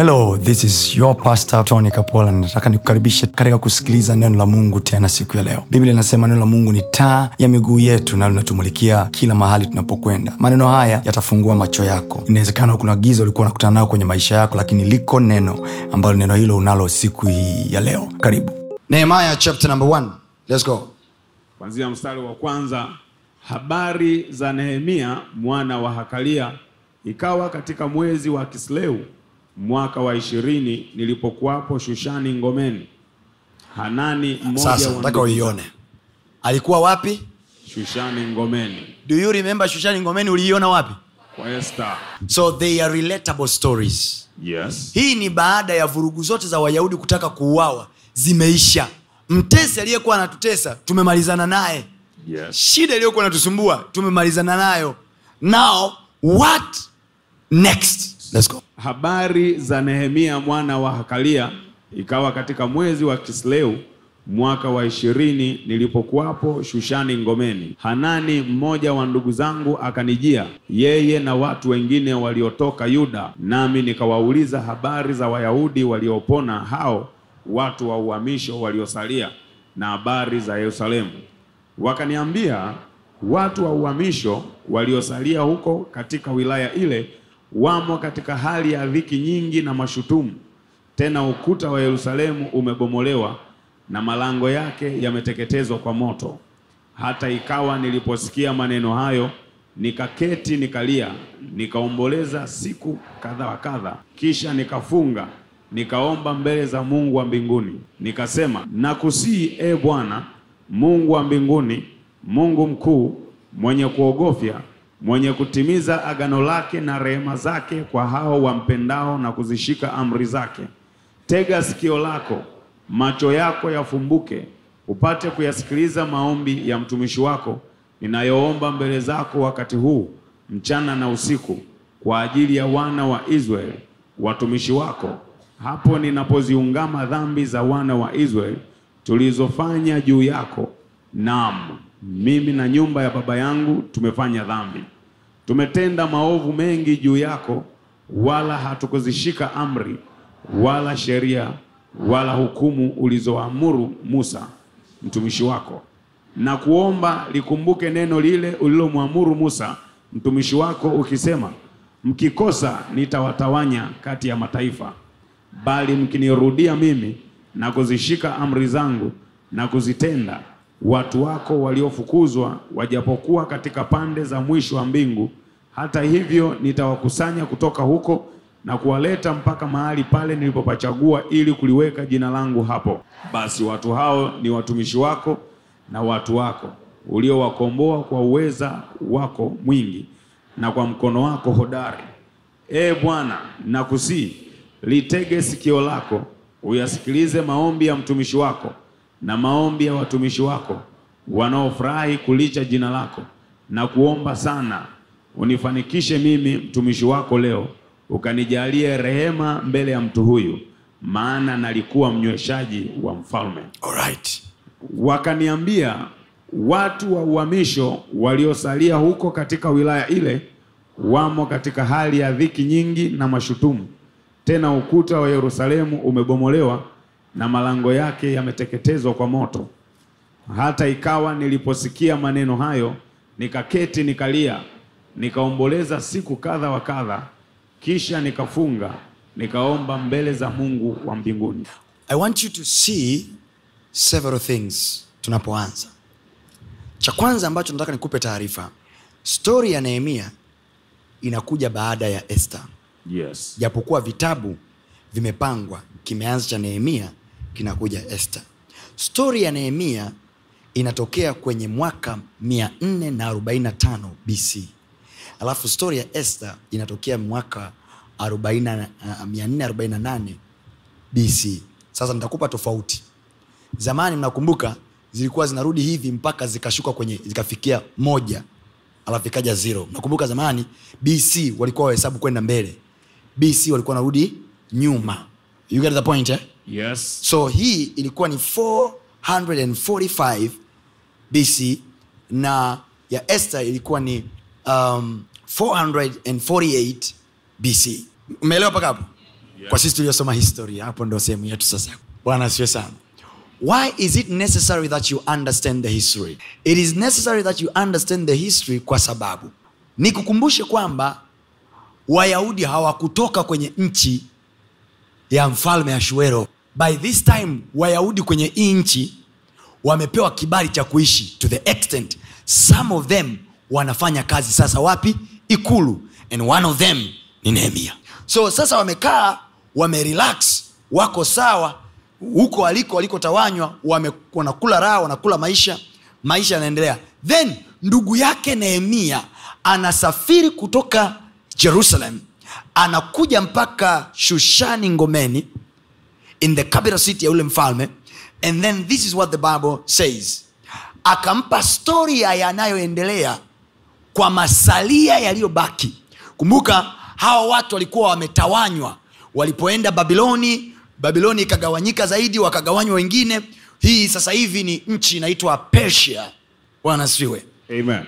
hello this is your pastor tony kapola nataka nikukaribishe katika kusikiliza neno la mungu tena siku ya leo biblia inasema neno la mungu ni taa ya miguu yetu na linatumulikia kila mahali tunapokwenda maneno haya yatafungua macho yako inawezekana kuna giza ulikuwa unakutana nao kwenye maisha yako lakini liko neno ambalo neno hilo unalo siku hii ya leo karibu nehemaya chapter number one. Let's go kwanzia mstari wa kwanza habari za nehemia mwana wa hakalia ikawa katika mwezi wa kisleu mwaka wa ishirini nilipokuwapo Shushani Ngomeni. Hanani mmoja nataka uione alikuwa wapi? Shushani Ngomeni. Do you remember Shushani Ngomeni uliiona wapi? Kwa Esther. So they are relatable stories. Yes. Hii ni baada ya vurugu zote za Wayahudi kutaka kuuawa zimeisha. Mtesi aliyekuwa anatutesa tumemalizana naye. Yes. Shida iliyokuwa natusumbua tumemalizana nayo. Now what next? Let's go. Habari za Nehemia mwana wa Hakalia, ikawa katika mwezi wa Kisleu mwaka wa ishirini nilipokuwapo Shushani ngomeni, Hanani mmoja wa ndugu zangu akanijia, yeye na watu wengine waliotoka Yuda, nami nikawauliza habari za Wayahudi waliopona, hao watu wa uhamisho waliosalia, na habari za Yerusalemu. Wakaniambia, watu wa uhamisho waliosalia huko katika wilaya ile wamo katika hali ya dhiki nyingi na mashutumu. Tena ukuta wa Yerusalemu umebomolewa na malango yake yameteketezwa kwa moto. Hata ikawa niliposikia maneno hayo, nikaketi nikalia, nikaomboleza siku kadha wa kadha. Kisha nikafunga nikaomba mbele za Mungu wa mbinguni, nikasema, nakusii e Bwana Mungu wa mbinguni, Mungu mkuu mwenye kuogofya mwenye kutimiza agano lake na rehema zake kwa hao wampendao na kuzishika amri zake. Tega sikio lako, macho yako yafumbuke, upate kuyasikiliza maombi ya mtumishi wako ninayoomba mbele zako wakati huu mchana na usiku, kwa ajili ya wana wa Israeli watumishi wako, hapo ninapoziungama dhambi za wana wa Israeli tulizofanya juu yako. Naam, mimi na nyumba ya baba yangu tumefanya dhambi, tumetenda maovu mengi juu yako, wala hatukuzishika amri wala sheria wala hukumu ulizoamuru Musa mtumishi wako, na kuomba likumbuke neno lile ulilomwamuru Musa mtumishi wako ukisema, mkikosa nitawatawanya kati ya mataifa, bali mkinirudia mimi na kuzishika amri zangu na kuzitenda watu wako waliofukuzwa wajapokuwa katika pande za mwisho wa mbingu, hata hivyo nitawakusanya kutoka huko na kuwaleta mpaka mahali pale nilipopachagua ili kuliweka jina langu hapo. Basi watu hao ni watumishi wako na watu wako uliowakomboa kwa uweza wako mwingi na kwa mkono wako hodari. Ee Bwana, nakusihi litege sikio lako uyasikilize maombi ya mtumishi wako na maombi ya watumishi wako wanaofurahi kulicha jina lako na kuomba sana, unifanikishe mimi mtumishi wako leo, ukanijalie rehema mbele ya mtu huyu, maana nalikuwa mnyweshaji wa mfalme. right. Wakaniambia watu wa uhamisho waliosalia huko katika wilaya ile wamo katika hali ya dhiki nyingi na mashutumu, tena ukuta wa Yerusalemu umebomolewa na malango yake yameteketezwa kwa moto. Hata ikawa niliposikia maneno hayo, nikaketi nikalia, nikaomboleza siku kadha wa kadha, kisha nikafunga, nikaomba mbele za Mungu wa mbinguni. I want you to see several things tunapoanza. Cha kwanza ambacho nataka nikupe taarifa, stori ya Nehemia inakuja baada ya Esther. Yes. Japokuwa vitabu vimepangwa, kimeanza cha Nehemia kinakuja Esther. Stori ya Nehemia inatokea kwenye mwaka 445 BC, alafu stori ya Esther inatokea mwaka 448 ah, BC. Sasa nitakupa tofauti. Zamani mnakumbuka zilikuwa zinarudi hivi mpaka zikashuka kwenye zikafikia moja alafu ikaja zero. Nakumbuka zamani BC walikuwa wahesabu kwenda mbele, BC walikuwa narudi nyuma. You get the point eh? yes so hii ilikuwa ni 445 bc na ya esther ilikuwa ni um, 448 bc umeelewa paka hapo Yes. kwa sisi tuliosoma historia hapo ndo sehemu yetu sasa bwana asiwe sana why is it necessary that you understand the history it is necessary that you understand the history kwa sababu nikukumbushe kwamba wayahudi hawakutoka kwenye nchi ya mfalme ashuero by this time wayahudi kwenye hii nchi wamepewa kibali cha kuishi to the extent some of them wanafanya kazi sasa wapi ikulu and one of them ni nehemia so sasa wamekaa wamerelax wako sawa huko waliko walikotawanywa wanakula raha wanakula maisha maisha yanaendelea then ndugu yake nehemia anasafiri kutoka jerusalem anakuja mpaka shushani ngomeni in the capital city ya ule mfalme and then this is what the bible says akampa storia yanayoendelea kwa masalia yaliyobaki kumbuka hawa watu walikuwa wametawanywa walipoenda babiloni babiloni ikagawanyika zaidi wakagawanywa wengine hii sasa hivi ni nchi inaitwa persia bwana siwe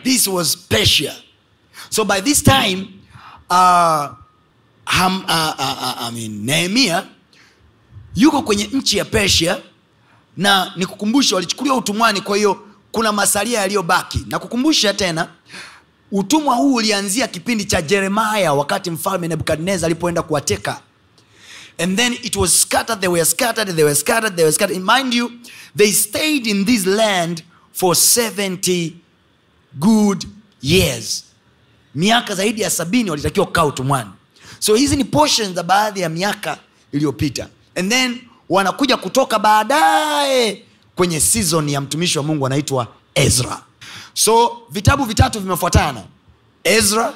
this was persia so by this time uh, uh, uh, uh, I mean, nehemia yuko kwenye nchi ya Persia na nikukumbushe, walichukuliwa utumwani, kwa hiyo kuna masalia yaliyobaki. na kukumbusha tena utumwa huu ulianzia kipindi cha Jeremaya, wakati mfalme Nebukadnezar alipoenda kuwateka and then it was scattered they were scattered they were scattered they were scattered mind you they stayed in this land for 70 good years miaka zaidi ya sabini walitakiwa kukaa utumwani so hizi ni portions za baadhi ya miaka iliyopita and then wanakuja kutoka baadaye kwenye season ya mtumishi wa mungu anaitwa ezra so vitabu vitatu vimefuatana ezra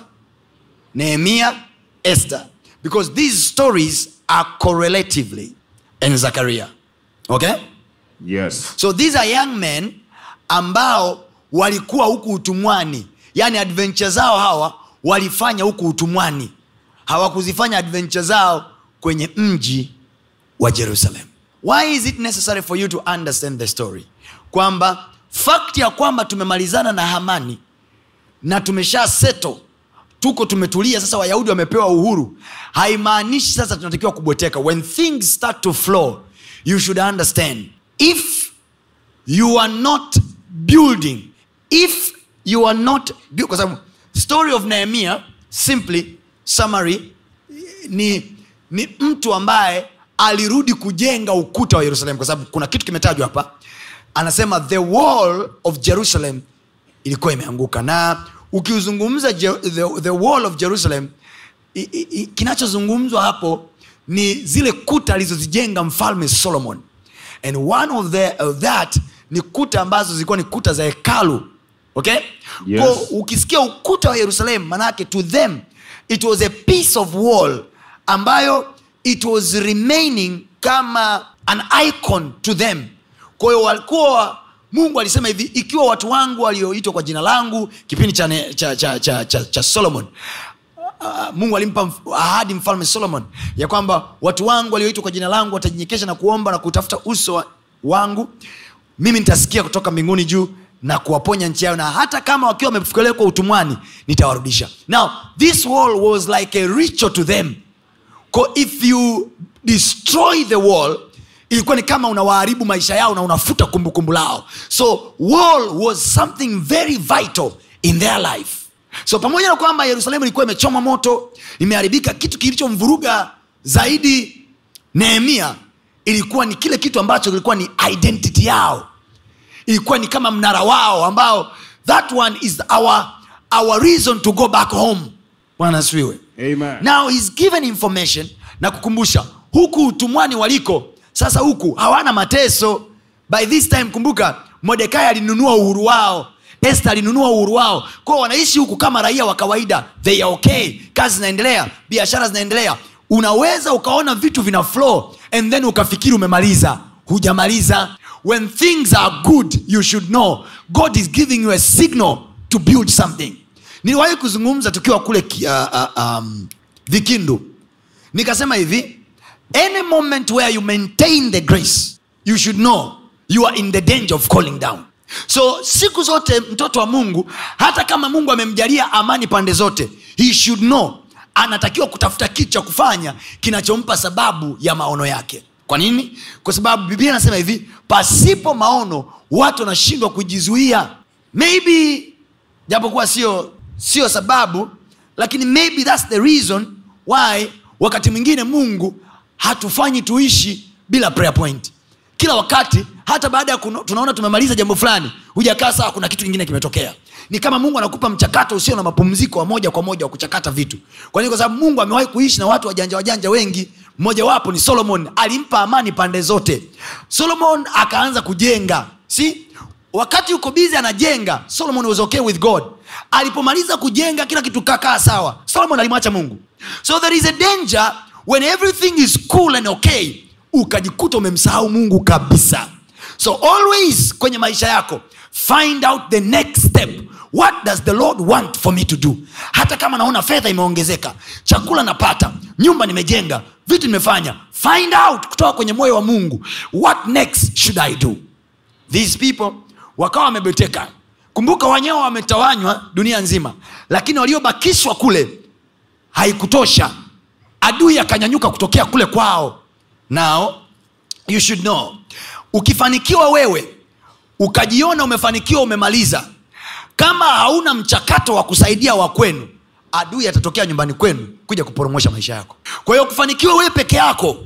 nehemia esther because these stories are correlatively and zakaria okay yes so these are young men ambao walikuwa huku utumwani yani adventure zao hawa walifanya huku utumwani hawakuzifanya adventure zao kwenye mji wa jerusalem why is it necessary for you to understand the story kwamba fakti ya kwamba tumemalizana na hamani na tumesha seto tuko tumetulia sasa wayahudi wamepewa uhuru haimaanishi sasa tunatakiwa kubweteka when things start to flow you should understand if you are not building if you are not kwa sababu story of nehemia simply summary ni ni mtu ambaye alirudi kujenga ukuta wa yerusalemu kwa sababu kuna kitu kimetajwa hapa anasema the wall of jerusalem ilikuwa imeanguka na ukiuzungumza the, the wall of jerusalem kinachozungumzwa hapo ni zile kuta alizozijenga mfalme solomon and one of, the, of that ni kuta ambazo zilikuwa ni kuta za hekalu okay yes. Ko, ukisikia ukuta wa yerusalemu manaake to them it was a piece of wall ambayo it was remaining kama an icon to them kwahiyo walikuwa mungu alisema hivi ikiwa watu wangu walioitwa kwa jina langu kipindi cha, cha, cha, cha, cha, cha solomon Uh, uh mungu alimpa ahadi mfalme solomon ya kwamba watu wangu walioitwa kwa jina langu watajinyekesha na kuomba na kutafuta uso wa, wangu mimi nitasikia kutoka mbinguni juu na kuwaponya nchi yayo na hata kama wakiwa wamefikelewa kwa utumwani nitawarudisha now this wall was like a to them if you destroy the wall ilikuwa ni kama unawaharibu maisha yao na unafuta kumbukumbu lao so wall was something very vital in their life so pamoja na kwamba yerusalemu ilikuwa imechoma moto imeharibika kitu kilichomvuruga zaidi nehemia ilikuwa ni kile kitu ambacho kilikuwa ni identity yao ilikuwa ni kama mnara wao ambao that one is our, our reason to go back home bwana now he's given information na kukumbusha huku utumwani waliko sasa huku hawana mateso by this time kumbuka modekai alinunua uhuru wao este alinunua uhuru wao kwao wanaishi huku kama raia wa kawaida they are okay kazi zinaendelea biashara zinaendelea unaweza ukaona vitu vina flow and then ukafikiri umemaliza hujamaliza when things are good you should know god is giving you a signal to build something niliwahi kuzungumza tukiwa kule kia, uh, uh, um, vikindu nikasema hivi any moment where you maintain the grace you should know you are in the danger of calling down so siku zote mtoto wa mungu hata kama mungu amemjalia amani pande zote he should know anatakiwa kutafuta kitu cha kufanya kinachompa sababu ya maono yake kwa nini kwa sababu biblia anasema hivi pasipo maono watu wanashindwa kujizuia maybe japokuwa sio sio sababu lakini maybe thats the reason why wakati mwingine mungu hatufanyi tuishi bila prayer point kila wakati hata baada ya tunaona tumemaliza jambo fulani hujakaa sawa kuna kitu kingine kimetokea ni kama mungu anakupa mchakato usio na mapumziko wa moja kwa moja wa kuchakata vitu kwa nini kwa sababu mungu amewahi kuishi na watu wajanja wajanja wengi mmojawapo ni solomon alimpa amani pande zote solomon akaanza kujenga si wakati uko bizi anajenga solomon was okay with god alipomaliza kujenga kila kitu kakaa sawa solomon alimwacha mungu so there is a danger when everything is cool and okay ukajikuta umemsahau mungu kabisa so always kwenye maisha yako find out the next step what does the lord want for me to do hata kama naona fedha imeongezeka chakula napata nyumba nimejenga vitu nimefanya find out kutoka kwenye moyo wa mungu what next should i do these people wakawa wamebeteka kumbuka wanyewa wametawanywa dunia nzima lakini waliobakishwa kule haikutosha adui akanyanyuka kutokea kule kwao nao you should know ukifanikiwa wewe ukajiona umefanikiwa umemaliza kama hauna mchakato wa kusaidia wa kwenu adui atatokea nyumbani kwenu kuja kuporomosha maisha yako kwa hiyo kufanikiwa wewe peke yako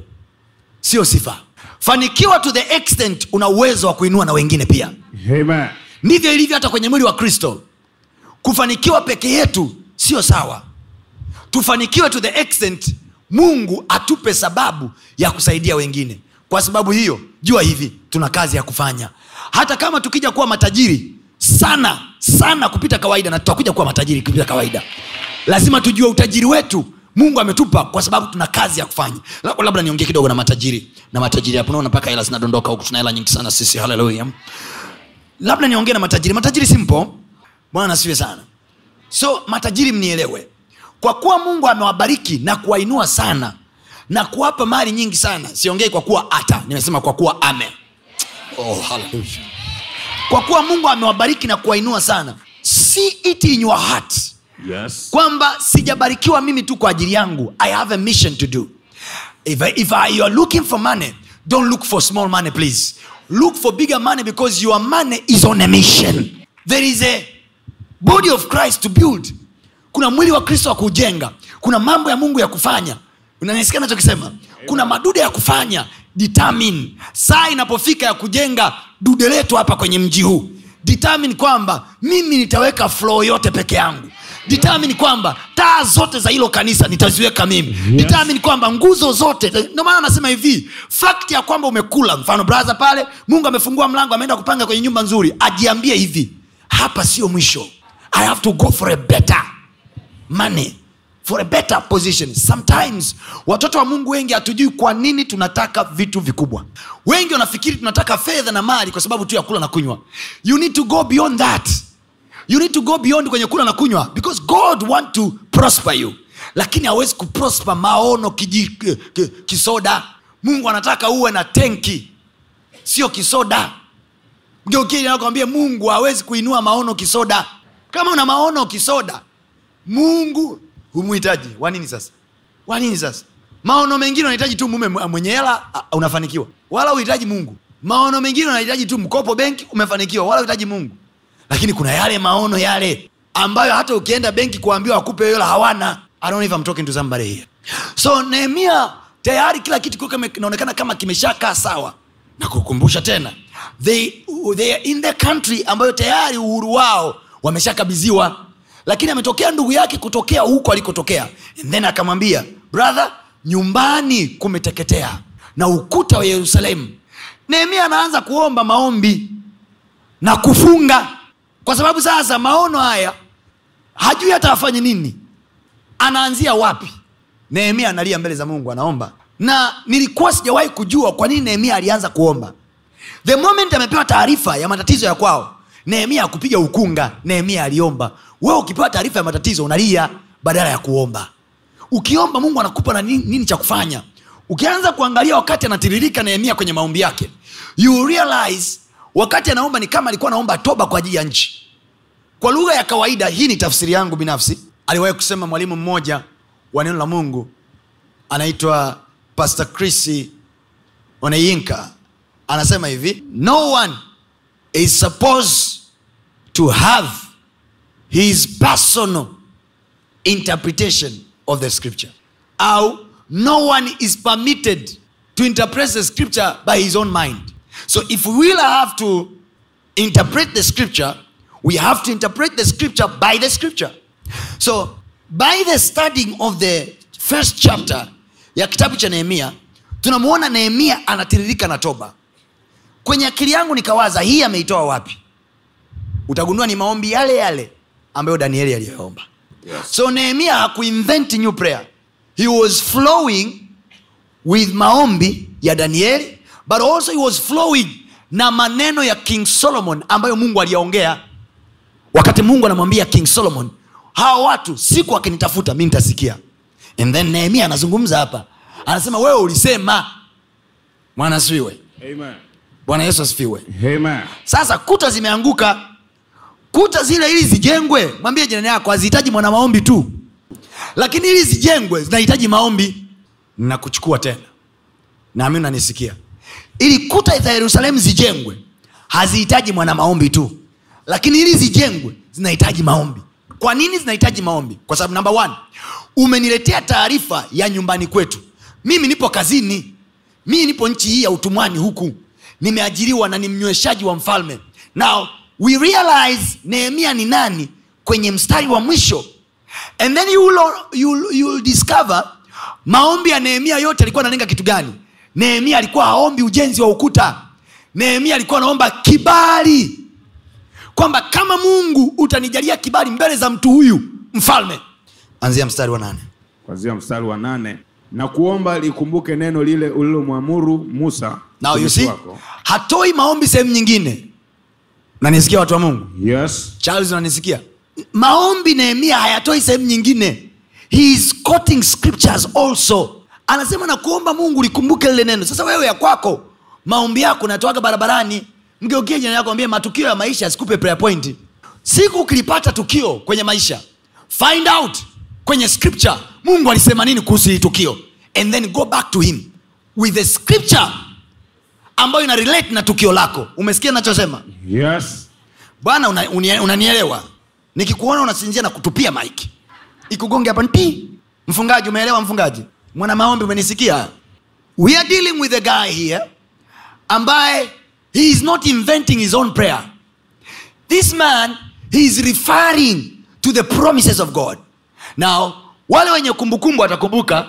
sio sifa fanikiwa to the extent una uwezo wa kuinua na wengine pia Amen. ndivyo ilivyo hata kwenye mwili wa kristo kufanikiwa peke yetu sio sawa tufanikiwe to the extent mungu atupe sababu ya kusaidia wengine kwa sababu hiyo jua hivi tuna kazi ya kufanya hata kama tukija kuwa matajiri sana sana kupita kawaida na tutakuja kuwa matajiri kupita kawaida lazima tujue utajiri wetu mungu ametupa kwa sababu tuna kazi ya kufanya labda niongee kidogo na matajiri na matajiri hapo naona mpaka hela zinadondoka huku tuna hela nyingi sana sisi haleluya labda niongee na matajiri matajiri simpo bwana siwe sana so matajiri mnielewe kwa kuwa mungu amewabariki na kuwainua sana na kuwapa mali nyingi sana siongei kwa kuwa hata nimesema kwa kuwa ame oh, kwa kuwa mungu amewabariki na kuwainua sana si it in your heart yes. kwamba sijabarikiwa mimi tu kwa ajili yangu i have a mission to do if, if I, you are looking for money don't look for small money please look for bigger money because your money is on a mission there is a body of christ to build kuna mwili wa kristo wa kujenga kuna mambo ya mungu ya kufanya unanisikia nachokisema kuna madude ya kufanya determine saa inapofika ya kujenga dude letu hapa kwenye mji huu determine kwamba mimi nitaweka flow yote peke yangu ditamini kwamba taa zote za hilo kanisa nitaziweka mimi yes. kwamba nguzo zote ndio maana anasema hivi fakti ya kwamba umekula mfano braha pale mungu amefungua mlango ameenda kupanga kwenye nyumba nzuri ajiambie hivi hapa sio mwisho i have to go for a better money for a better position sometimes watoto wa mungu wengi hatujui kwa nini tunataka vitu vikubwa wengi wanafikiri tunataka fedha na mali kwa sababu tu ya kula na kunywa you need to go beyond that you need to go beyond kwenye kula na kunywa because god want to prosper you lakini hawezi kuprosper maono kiji, kisoda mungu anataka uwe na tenki sio kisoda geukili nakwambia mungu hawezi kuinua maono kisoda kama una maono kisoda mungu humuhitaji wanini sasa wanini sasa maono mengine unahitaji tu mume mwenye hela unafanikiwa wala uhitaji mungu maono mengine unahitaji tu mkopo benki umefanikiwa wala uhitaji mungu lakini kuna yale maono yale ambayo hata ukienda benki kuambiwa akupe hela hawana i don't even talking to somebody here so nehemia tayari kila kitu kinaonekana kama kimeshakaa sawa na kukumbusha tena they, they are in the country ambayo tayari uhuru wao wameshakabidhiwa lakini ametokea ndugu yake kutokea huko alikotokea then akamwambia brother nyumbani kumeteketea na ukuta wa yerusalemu nehemia anaanza kuomba maombi na kufunga kwa sababu sasa maono haya hajui hata afanye nini anaanzia wapi nehemia analia mbele za mungu anaomba na nilikuwa sijawahi kujua kwa nini nehemia alianza kuomba the moment amepewa taarifa ya matatizo ya kwao nehemia akupiga ukunga nehemia aliomba wewe ukipewa taarifa ya matatizo unalia badala ya kuomba ukiomba mungu anakupa na nini, nini cha kufanya ukianza kuangalia wakati anatiririka nehemia kwenye maombi yake you realize wakati anaomba ni kama alikuwa anaomba toba kwa ajili ya nchi kwa lugha ya kawaida hii ni tafsiri yangu binafsi aliwahi kusema mwalimu mmoja wa neno la mungu anaitwa pastor crisi oneyinka anasema hivi no one is supposed to have his personal interpretation of the scripture au no one is permitted to interpret the scripture by his own mind So if we will have to interpret the scripture, we have to interpret the scripture by the scripture. So by the studying of the first chapter ya kitabu cha Nehemia, tunamwona Nehemia anatiririka na toba. Kwenye akili yangu nikawaza, hii ameitoa wapi? Utagundua ni maombi yale yale ambayo Danieli aliyoomba. Yes. So Nehemia hakuinvent new prayer. He was flowing with maombi ya Danieli but also it was flowing na maneno ya king solomon ambayo mungu aliyaongea wakati mungu anamwambia king solomon hawa watu siku akinitafuta mi nitasikia and then nehemia anazungumza hapa anasema wewe ulisema mwana asifiwe bwana yesu asifiwe sasa kuta zimeanguka kuta zile ili zijengwe mwambie jirani yako hazihitaji mwana maombi tu lakini ili zijengwe zinahitaji maombi nakuchukua tena naami unanisikia ili kuta za yerusalemu zijengwe hazihitaji mwana maombi tu lakini ili zijengwe zinahitaji maombi kwa nini zinahitaji maombi kwa sababu namba one umeniletea taarifa ya nyumbani kwetu mimi nipo kazini mii nipo nchi hii ya utumwani huku nimeajiriwa na ni mnyweshaji wa mfalme now we realize nehemia ni nani kwenye mstari wa mwisho and then you will, you will discover maombi ya nehemia yote alikuwa analenga kitu gani nehemia alikuwa haombi ujenzi wa ukuta nehemia alikuwa anaomba kibali kwamba kama mungu utanijalia kibali mbele za mtu huyu mfalme anzia mstari wa nane kwanzia mstari wa nane na kuomba likumbuke neno lile ulilomwamuru musa Now see, hatoi maombi sehemu nyingine nanisikia watu wa mungu yes. charles nanisikia maombi nehemia hayatoi sehemu nyingine he is scriptures also anasema na kuomba mungu likumbuke lile neno sasa wewe ya kwako maombi yako natoaga barabarani mgeukie jina yako ambie matukio ya maisha asikupe prayer point siku ukilipata tukio kwenye maisha find out kwenye scripture mungu alisema nini kuhusu hili tukio and then go back to him with the scripture ambayo ina relate na tukio lako umesikia nachosema yes bwana unanielewa una, una, nikikuona unasinzia na kutupia mike ikugonge hapa nipi mfungaji umeelewa mfungaji mwana maombi umenisikia we are dealing with a guy here ambaye he is not inventing his own prayer this man he is referring to the promises of god now wale wenye kumbukumbu watakumbuka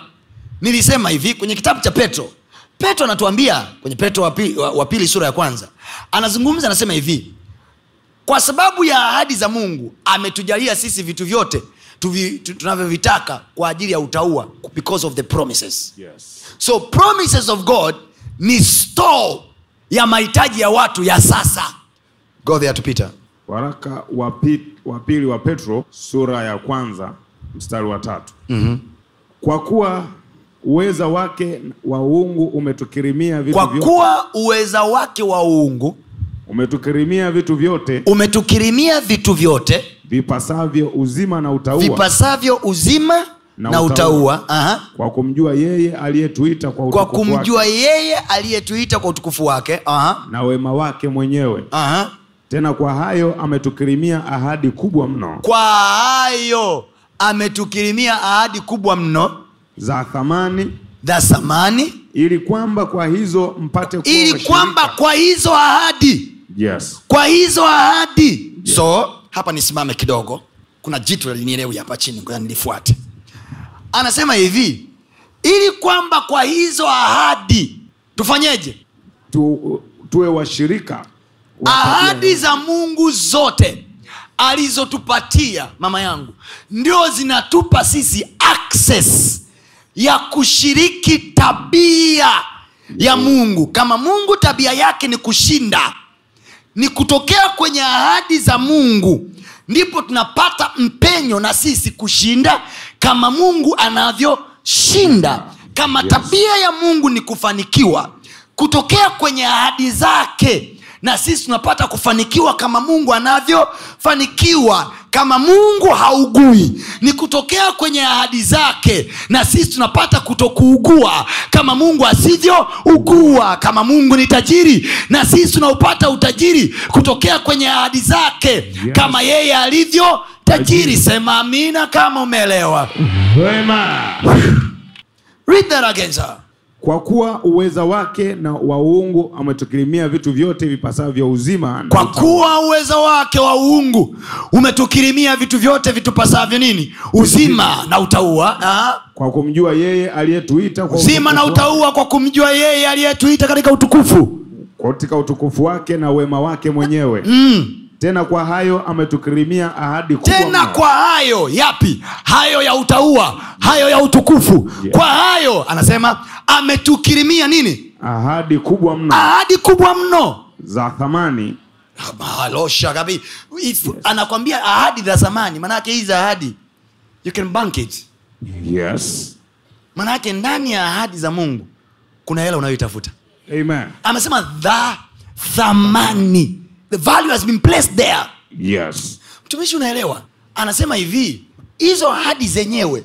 nilisema hivi kwenye kitabu cha petro petro anatuambia kwenye petro wa pili, wa, wa pili sura ya kwanza anazungumza anasema hivi kwa sababu ya ahadi za mungu ametujalia sisi vitu vyote tunavyovitaka kwa ajili ya utaua because of the promises yes. so promises of god ni store ya mahitaji ya watu ya sasa go there to peter waraka wa pili wa petro sura ya kwanza mstari wa tatu mm-hmm. kwa kuwa uweza wake wa uungu umetukirimia vitu kwa kuwa uweza wake wa uungu umetukirimia vitu vyote umetukirimia vitu vyote vipasavyo uzima na utaua, vipasavyo uzima na, na utaua, utaua. Aha. kwa kumjua yeye aliyetuita kwa utukufu kwa kumjua yeye aliyetuita kwa utukufu wake Aha. na wema wake mwenyewe Aha. tena kwa hayo ametukirimia ahadi kubwa mno kwa hayo ametukirimia ahadi kubwa mno za thamani za thamani ili kwamba kwa hizo mpate kuwa ili kwamba kwa hizo ahadi yes. kwa hizo ahadi yes. so hapa nisimame kidogo kuna jitu linielewi hapa chini nilifuate anasema hivi ili kwamba kwa hizo ahadi tufanyeje tu, tuwe washirika ahadi za mungu zote alizotupatia mama yangu ndio zinatupa sisi access ya kushiriki tabia ya mungu kama mungu tabia yake ni kushinda ni kutokea kwenye ahadi za mungu ndipo tunapata mpenyo na sisi kushinda kama mungu anavyoshinda kama yes. tabia ya mungu ni kufanikiwa kutokea kwenye ahadi zake na sisi tunapata kufanikiwa kama mungu anavyofanikiwa kama mungu haugui ni kutokea kwenye ahadi zake na sisi tunapata kutokuugua kama mungu asivyougua kama mungu ni tajiri na sisi tunaupata utajiri kutokea kwenye ahadi zake kama yeye alivyo tajiri sema amina kama umeelewa kwa kuwa uweza wake na uungu ametukirimia vitu vyote vipasavyo uzima kwa kuwa uweza wake wa uungu umetukirimia vitu vyote vitupasavyo nini uzima na utaua ah? kwa kumjua yeye aliyetuita uzima na utaua kwa kumjua yeye aliyetuita katika utukufu katika utukufu wake na wema wake mwenyewe mm tena kwa hayo ametukirimia ahadi kubwa tena kwa hayo yapi hayo ya utaua hayo ya utukufu yeah. kwa hayo anasema ametukirimia nini ahadi kubwa mno ahadi kubwa mno za thamani malosha ah, kabi yes. anakwambia ahadi za zamani maanake hizi ahadi you can bank it yes maanake ndani ya ahadi za mungu kuna hela unayoitafuta amesema dha thamani the value has been placed there yes mtumishi unaelewa anasema hivi hizo ahadi zenyewe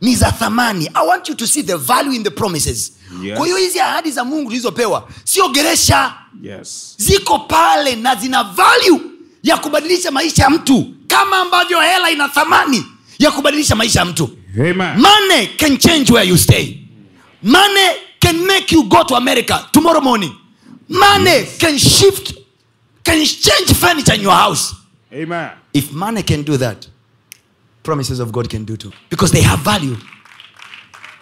ni za thamani i want you to see the value in the promises yes. kwa hiyo hizi ahadi za mungu zilizopewa sio geresha yes. ziko pale na zina value ya kubadilisha maisha ya mtu kama ambavyo hela ina thamani ya kubadilisha maisha ya mtu money can change where you stay money can make you go to america tomorrow morning money yes. can shift can change furniture in your house Amen. if money can do that promises of god can do too because they have value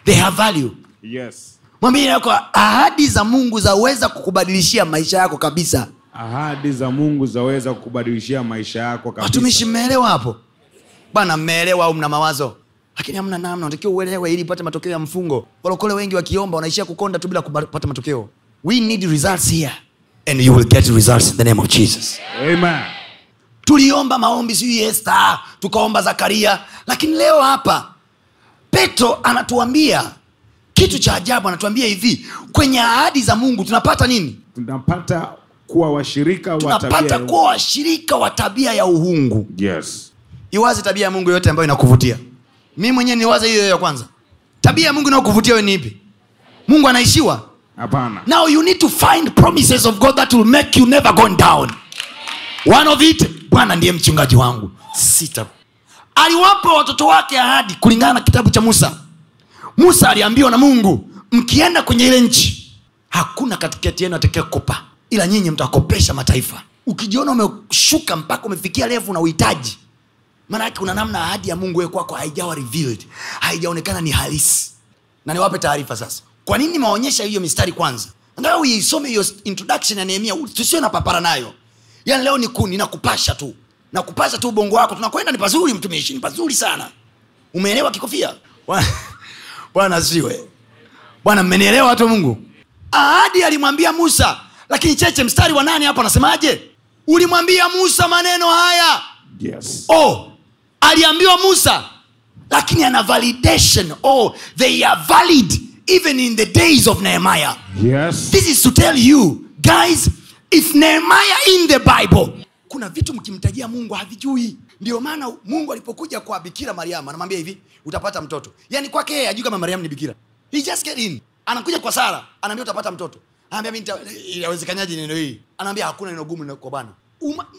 they have value yes mwambie yako ahadi za mungu zaweza kukubadilishia maisha yako kabisa ahadi za mungu zaweza kukubadilishia maisha yako mmeelewa hapo bwana mmeelewa au mna mawazo lakini hamna namna natakiwa uelewe ili upate matokeo ya mfungo walokole wengi wakiomba wanaishia kukonda tu bila kupata matokeo we need results here and you will get results in the name of jesus Amen. tuliomba maombi siu esta tukaomba zakaria lakini leo hapa petro anatuambia kitu cha ajabu anatuambia hivi kwenye ahadi za mungu tunapata nini tunapata kuwa washirika tunapata kuwa washirika wa tabia ya uhungu yes iwazi tabia ya mungu yote ambayo inakuvutia mi mwenyewe niwaze hiyo ya kwanza tabia ya mungu inayokuvutia we ni ipi mungu anaishiwa hapana now you need to find promises of god that will make you never go down one of it bwana ndiye mchungaji wangu sita aliwapa watoto wake ahadi kulingana na kitabu cha musa musa aliambiwa na mungu mkienda kwenye ile nchi hakuna katikati yenu atakaekupa ila nyinyi mtakopesha mataifa ukijiona umeshuka mpaka umefikia refu na uhitaji maana yake una namna ahadi ya mungu kwako haijawa revealed haijaonekana ni halisi na niwape taarifa sasa kwa nini maonyesha hiyo mistari kwanza angaa uisome hiyo introduction ya nehemia tusio na papara nayo yani leo ni kuni tu nakupasha tu ubongo wako tunakwenda ni pazuri mtumishi ni pazuri sana umeelewa kikofia bwana siwe bwana mmenielewa watu mungu ahadi alimwambia musa lakini cheche mstari wa nane hapo anasemaje ulimwambia musa maneno haya yes. oh, aliambiwa musa lakini ana validation oh, they are valid even in the days of nehemiah yes. this is to tell you guys if nehemiah in the bible kuna vitu mkimtajia mungu havijui ndio maana mungu alipokuja kwa bikira mariamu anamwambia hivi utapata mtoto yani kwake yeye ajui kama mariamu ni bikira He just get in anakuja kwa sara anaambia utapata mtoto anaambia inawezekanaje neno hii anaambia hakuna neno gumu kwa bwana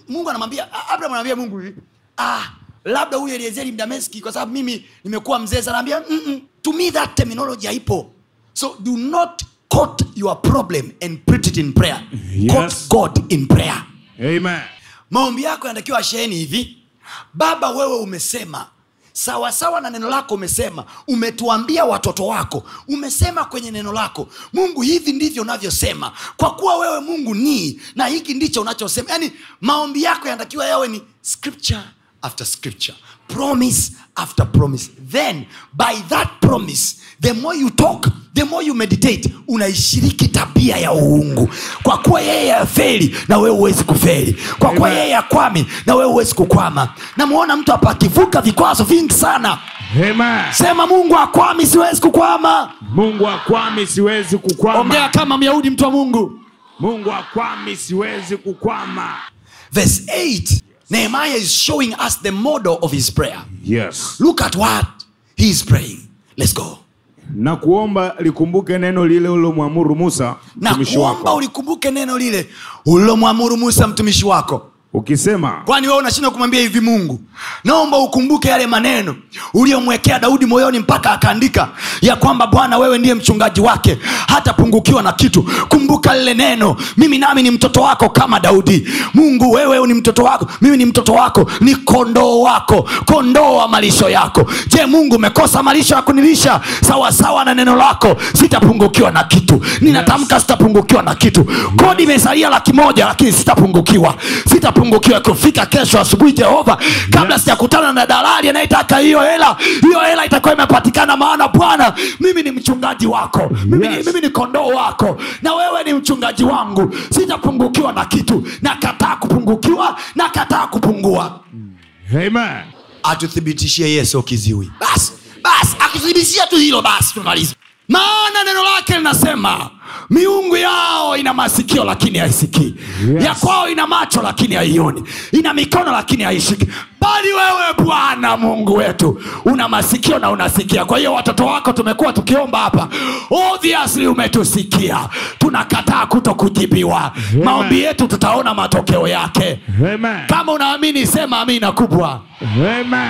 mungu anamwambia abraham anamwambia mungu hivi ah labda huyu eliezeri mdameski kwa sababu mimi nimekuwa mzee sanaambia mm -mm. to me that terminology haipo so do not quote your problem and put it in prayer yes. god in prayer amen maombi yako yanatakiwa asheheni hivi baba wewe umesema sawasawa sawa na neno lako umesema umetuambia watoto wako umesema kwenye neno lako mungu hivi ndivyo unavyosema kwa kuwa wewe mungu ni na hiki ndicho unachosema yaani maombi yako yanatakiwa yawe ni scripture after scripture promise after promise then by that promise the more you talk the more you meditate unaishiriki tabia ya uungu kwa kuwa yeye afeli na wewe huwezi kufeli kwa kuwa yeye akwami na wewe huwezi kukwama namwona mtu hapa akivuka vikwazo vingi sana Amen. sema mungu akwami siwezi kukwama mungu akwami siwezi kukwama ongea kama myahudi mtu wa mungu mungu akwami siwezi kukwama verse 8 nehemiah is showing us the model of his prayer yes look at what he is praying let's go na kuomba likumbuke neno lile ulilomwamuru musa na kuomba ulikumbuke neno lile ulilomwamuru musa mtumishi wako ukisema kwani wewe unashindwa kumwambia hivi mungu naomba ukumbuke yale maneno uliyomwekea daudi moyoni mpaka akaandika ya kwamba bwana wewe ndiye mchungaji wake hatapungukiwa na kitu kumbuka lile neno mimi nami ni mtoto wako kama daudi mungu wewe ni mtoto wako mimi ni mtoto wako ni kondoo wako kondoo wa malisho yako je mungu umekosa malisho ya kunilisha sawasawa na neno lako sitapungukiwa na kitu ninatamka sitapungukiwa na kitu kodi imesalia laki moja lakini sitapungukiwa sitapungukiwa nitapungukiwa kufika kesho asubuhi jehova kabla yeah. sijakutana na dalali anayetaka hiyo hela hiyo hela itakuwa imepatikana maana bwana mimi ni mchungaji wako mimi, yes. mimi ni kondoo wako na wewe ni mchungaji wangu sitapungukiwa na kitu nakataa kupungukiwa nakataa kupungua atuthibitishie yesu kiziwi basi basi akuthibitishia tu hilo basi tumaliza maana neno lake linasema miungu yao ina masikio lakini haisikii yes. ya kwao ina macho lakini haioni ina mikono lakini haishiki bali wewe bwana mungu wetu una masikio na unasikia kwa hiyo watoto wako tumekuwa tukiomba hapa obviously umetusikia tunakataa kuto kujibiwa Amen. maombi yetu tutaona matokeo yake Amen. kama unaamini sema amina kubwa Amen.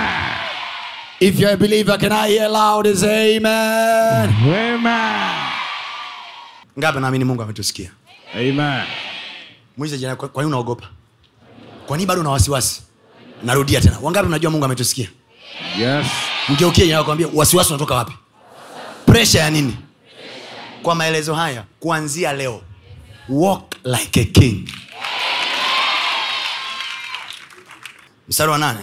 If you're a believer, can I hear loud is amen? Amen. Ngapi naamini Mungu ametusikia? Amen. Mwize jana kwa nini unaogopa? Kwa nini bado una wasiwasi? Narudia tena. Wangapi unajua Mungu ametusikia? Yes. Mgeukie yeye akwambia wasiwasi unatoka wapi? Pressure ya nini? Kwa maelezo haya, kuanzia leo walk like a king. Mstari wa nane.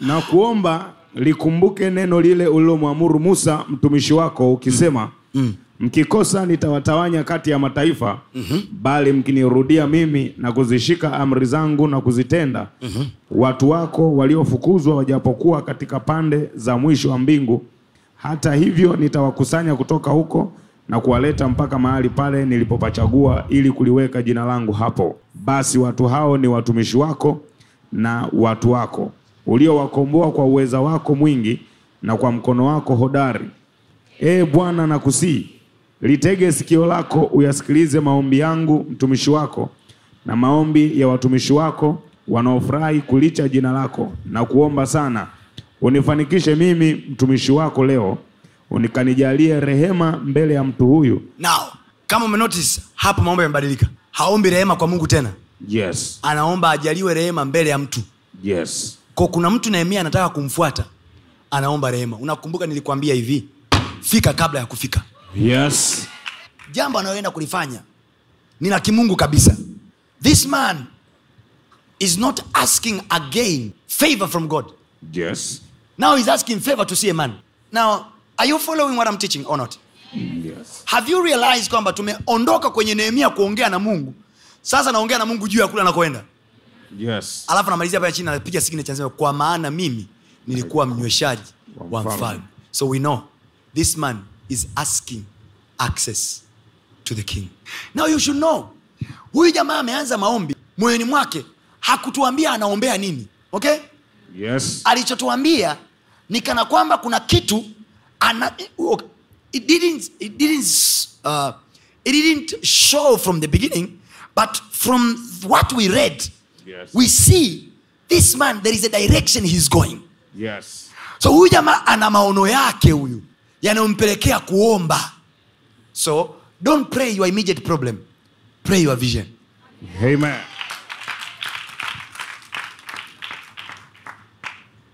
Na kuomba likumbuke neno lile ulilomwamuru Musa mtumishi wako ukisema, mm. mm. mkikosa nitawatawanya kati ya mataifa mm -hmm. bali mkinirudia mimi na kuzishika amri zangu na kuzitenda mm -hmm. watu wako waliofukuzwa wajapokuwa katika pande za mwisho wa mbingu, hata hivyo nitawakusanya kutoka huko na kuwaleta mpaka mahali pale nilipopachagua ili kuliweka jina langu hapo. Basi watu hao ni watumishi wako na watu wako uliowakomboa kwa uweza wako mwingi na kwa mkono wako hodari. Ee Bwana, nakusihi litege sikio lako uyasikilize maombi yangu mtumishi wako na maombi ya watumishi wako wanaofurahi kulicha jina lako na kuomba sana. Unifanikishe mimi mtumishi wako leo, unikanijalie rehema mbele ya mtu huyu. Now, kama umenotice hapo, maombi yamebadilika. Haombi rehema kwa Mungu tena. Yes, anaomba ajaliwe rehema mbele ya mtu. Yes ko kuna mtu nehemia anataka kumfuata anaomba rehema unakumbuka nilikwambia hivi fika kabla ya kufika yes jambo anayoenda kulifanya ni la kimungu kabisa this man is not asking again favor from god yes now he's asking favor to see a man now are you following what i'm teaching or not yes. have you realized kwamba tumeondoka kwenye nehemia kuongea na mungu sasa naongea na mungu juu ya kule anakoenda yes. alafu namalizia pale chini anapiga signature kwa maana mimi nilikuwa mnyweshaji wa mfalme so we know this man is asking access to the king now you should know huyu jamaa ameanza maombi moyoni mwake hakutuambia anaombea nini okay yes. alichotuambia ni kana kwamba kuna kitu ana, it didn't, it didn't, uh, it didn't show from the beginning but from what we read We see this man there is a direction he's going. Yes. So huyu jamaa ana maono yake huyu yanayompelekea kuomba. So don't pray your immediate problem. Pray your vision. Amen.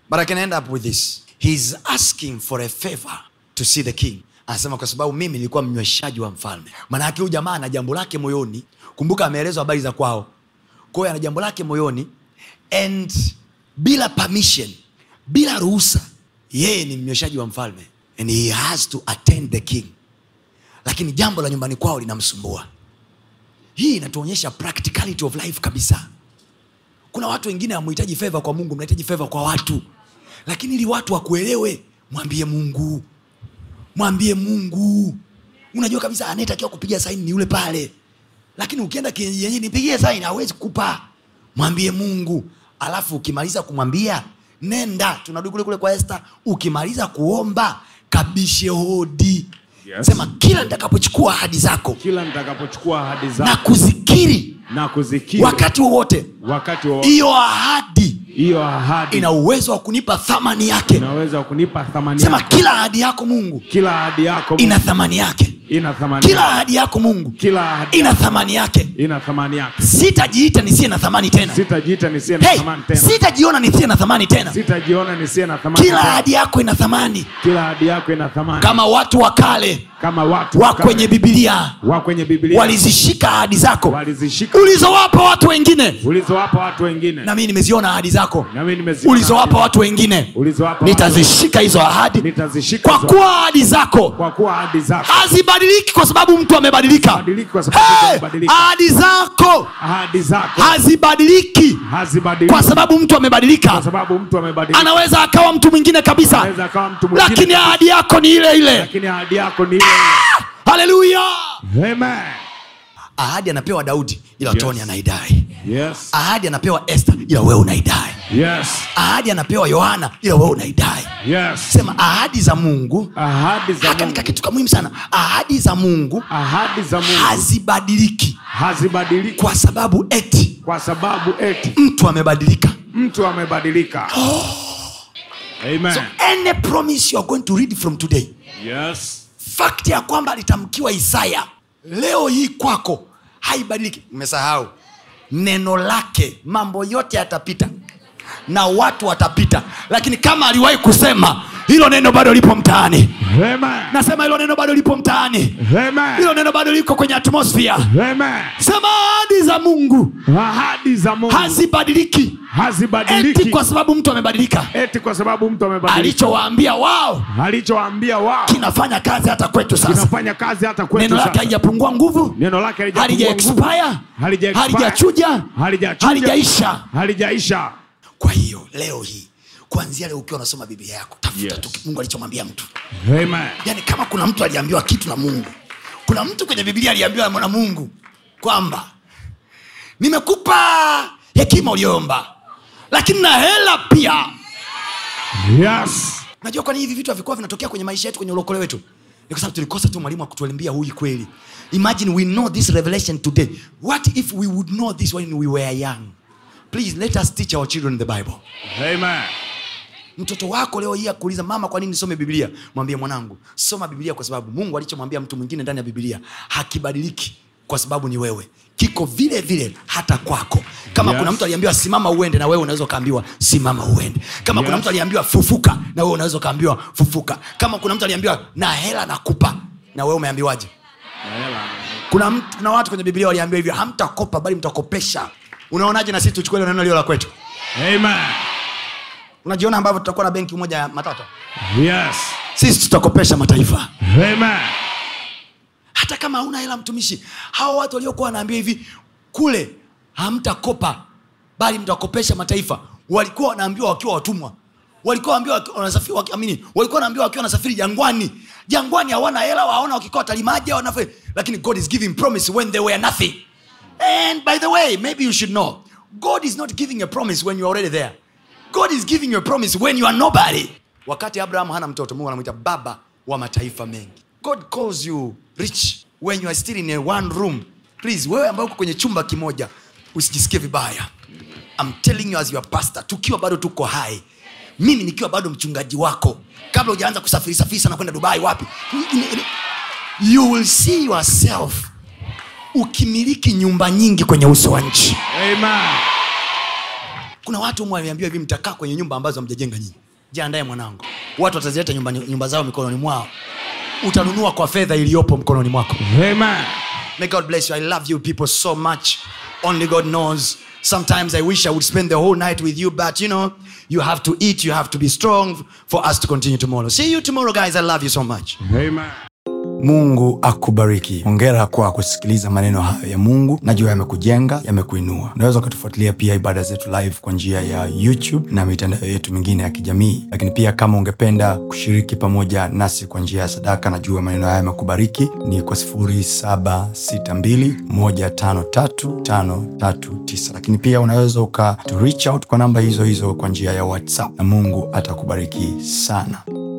But I can end up with this. He's asking for a favor to see the king. Anasema kwa sababu mimi nilikuwa mnyweshaji wa mfalme. Maana huyu jamaa ana jambo lake moyoni. Kumbuka ameelezwa habari za kwao kwa hiyo ana jambo lake moyoni and bila permission bila ruhusa yeye ni mnyweshaji wa mfalme and he has to attend the king lakini jambo la nyumbani kwao linamsumbua hii inatuonyesha practicality of life kabisa kuna watu wengine hamhitaji feva kwa mungu mnahitaji feva kwa watu lakini ili watu wakuelewe mwambie mungu mwambie mungu unajua kabisa anayetakiwa kupiga saini ni yule pale lakini ukienda yenye nipigie saini hawezi kupa mwambie mungu alafu ukimaliza kumwambia nenda tunarudi kule kule kwa esta ukimaliza kuomba kabishe hodi yes. sema kila nitakapochukua ahadi zako kila nitakapochukua ahadi zako na kuzikiri na kuzikiri wakati wowote wakati wowote hiyo ahadi hiyo ahadi ina uwezo wa kunipa thamani yake inaweza kunipa thamani sema yake. kila ahadi yako mungu kila ahadi yako mungu. ina thamani yake ina thamani kila ahadi yako mungu kila ina thamani yake ina thamani yake sitajiita nisiye na thamani tena sitajiita nisiye na thamani tena sitajiona nisiye na thamani tena sitajiona nisiye na thamani kila ahadi yako ina thamani kila ahadi yako ina thamani kama watu wa kale kama watu wa kwenye biblia wa kwenye biblia walizishika ahadi zako ulizowapa watu wengine, ulizowapa watu wengine. mimi nimeziona ahadi zako ulizowapa watu wengine, nitazishika hizo ahadi, kwa kuwa ahadi zako hazibadiliki kwa sababu mtu amebadilika. Ahadi zako hazibadiliki kwa sababu mtu amebadilika. Anaweza akawa mtu mwingine kabisa, lakini ahadi yako ni ile ile haleluya ahadi anapewa daudi ila yes. toni anaidai yes. ahadi anapewa este ila wewe unaidai yes. ahadi anapewa yohana ila wewe unaidai yes. sema ahadi za mungu katika kitu ka muhimu sana ahadi za mungu, mungu. hazibadiliki Hazi kwa sababu eti kwa sababu eti mtu amebadilika mtu amebadilika oh. Amen. so any promise you are going to read from today yes fakti ya kwamba alitamkiwa isaya leo hii kwako haibadiliki mmesahau neno lake mambo yote yatapita na watu watapita lakini kama aliwahi kusema hilo neno bado lipo mtaani nasema hilo neno bado lipo mtaani hilo neno bado liko kwenye atmosfia. sema ahadi za mungu ahadi za mungu hazibadiliki hazibadiliki eti kwa sababu mtu amebadilika eti kwa sababu mtu amebadilika alichowaambia wao alichowaambia wao kinafanya kazi hata kwetu sasa kinafanya kazi hata kwetu neno lake halijapungua nguvu neno lake halijapungua nguvu halijachuja halijaisha halijaisha kwa hiyo leo hii kuanzia leo ukiwa unasoma biblia yako tafuta yes. tu mungu alichomwambia mtu Amen. yani kama kuna mtu aliambiwa kitu na mungu kuna mtu kwenye biblia aliambiwa na mungu kwamba nimekupa hekima uliyoomba lakini na hela pia yes. najua kwani hivi vitu havikuwa vinatokea kwenye maisha yetu kwenye ulokole wetu ni tulikosa tu mwalimu akutuelimbia huyi kweli imagine we know this revelation today what if we would know this when we were young please let us teach our children the bible amen mtoto wako leo hii akuuliza mama kwa nini nisome biblia mwambie mwanangu soma biblia kwa sababu mungu alichomwambia mtu mwingine ndani ya biblia hakibadiliki kwa sababu ni wewe kiko vile vile hata kwako kama yes. kuna mtu aliambiwa simama uende na wewe unaweza ukaambiwa simama uende kama yes. kuna mtu aliambiwa fufuka na wewe unaweza ukaambiwa fufuka kama kuna mtu aliambiwa na hela nakupa na wewe umeambiwaje kuna, kuna watu kwenye biblia waliambiwa hivyo hamtakopa bali mtakopesha unaonaje na sisi tuchukue neno lio la kwetu Amen unajiona ambavyo tutakuwa na benki moja ya matata yes. sisi tutakopesha mataifa Amen. hata kama hauna hela mtumishi hawa watu waliokuwa wanaambia hivi kule hamtakopa bali mtakopesha mataifa walikuwa wanaambiwa wakiwa watumwa walikuwa wanaambiwa wanasafiri wakiamini walikuwa wanaambiwa wakiwa wanasafiri jangwani jangwani hawana hela waona wakikoa talimaji wanafanya lakini god is giving promise when they were nothing and by the way maybe you should know god is not giving a promise when you are already there god is giving you a promise when you are nobody wakati abraham hana mtoto mungu anamwita baba wa mataifa mengi god calls you rich when you are still in a one room please wewe ambaye uko kwenye chumba kimoja usijisikie vibaya I'm telling you as your pastor tukiwa bado tuko hai mimi nikiwa bado mchungaji wako kabla ujaanza kusafiri safiri sana kwenda dubai wapi you will see yourself ukimiliki nyumba nyingi kwenye uso wa nchi Amen kuna watu mwaliambiwa hivi mtakaa kwenye nyumba ambazo hamjajenga nyinyi jiandae mwanangu watu watazileta nyumba, nyumba zao mikononi mwao utanunua kwa fedha iliyopo mkononi mwako Amen. May God bless you. I love you people so much. Only God knows. Sometimes I wish I would spend the whole night with you, but you know, you have to eat, you have to be strong for us to continue tomorrow. See you tomorrow, guys. I love you so much. Amen. Mungu akubariki. Hongera kwa kusikiliza maneno hayo ya Mungu, najua yamekujenga, yamekuinua. Unaweza ukatufuatilia pia ibada zetu live kwa njia ya YouTube na mitandao yetu mingine ya kijamii, lakini pia kama ungependa kushiriki pamoja nasi kwa njia ya sadaka, najua maneno hayo yamekubariki, ni kwa 0762153539 lakini pia unaweza ukatu reach out kwa namba hizo hizo kwa njia ya WhatsApp na Mungu atakubariki sana.